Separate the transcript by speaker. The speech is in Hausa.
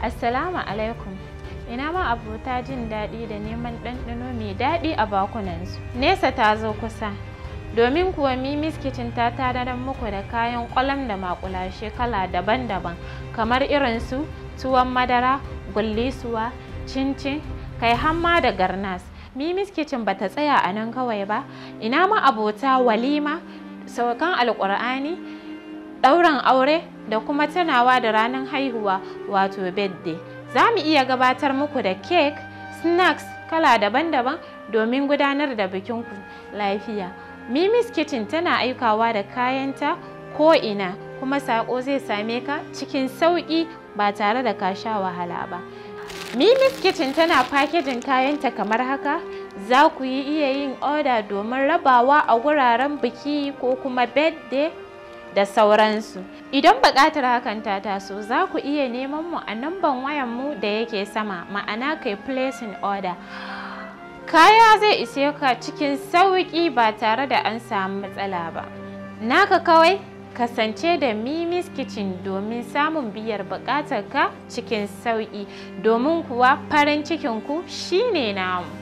Speaker 1: Assalamu alaikum. Ina ma abota jin daɗi da neman ɗanɗano mai daɗi a bakunansu. Nesa ta zo kusa. Domin kuwa Mimis Kitchen ta tadarar muku da kayan ƙwalam da maƙulashe kala daban-daban kamar irin su tuwon madara, gullisuwa, cincin, kai hamma da garnas. Mimis Kitchen bata tsaya a nan kawai ba. Ina ma abota walima, saukan alƙur'ani, ɗauran aure da kuma tunawa da ranar haihuwa wato birthday za mu iya gabatar muku da cake snacks kala daban-daban domin gudanar da bikin ku lafiya mimis kitchen tana aikawa da kayanta ko ina kuma saƙo zai same ka cikin sauƙi ba tare da ka sha wahala ba mimis kitchen tana fakejin kayanta kamar haka za ku yi iya yin oda domin rabawa a wuraren biki ko kuma birthday da sauransu. Idan buƙatar hakan ta taso za ku iya neman mu a namban wayan mu da yake sama ma'ana kai placing order. Kaya zai ise ka cikin sauƙi ba tare da an samu matsala ba. Naka kawai kasance da Mimi's Kitchen domin samun biyar buƙatar ka cikin sauƙi domin kuwa farin cikin ku shine namu.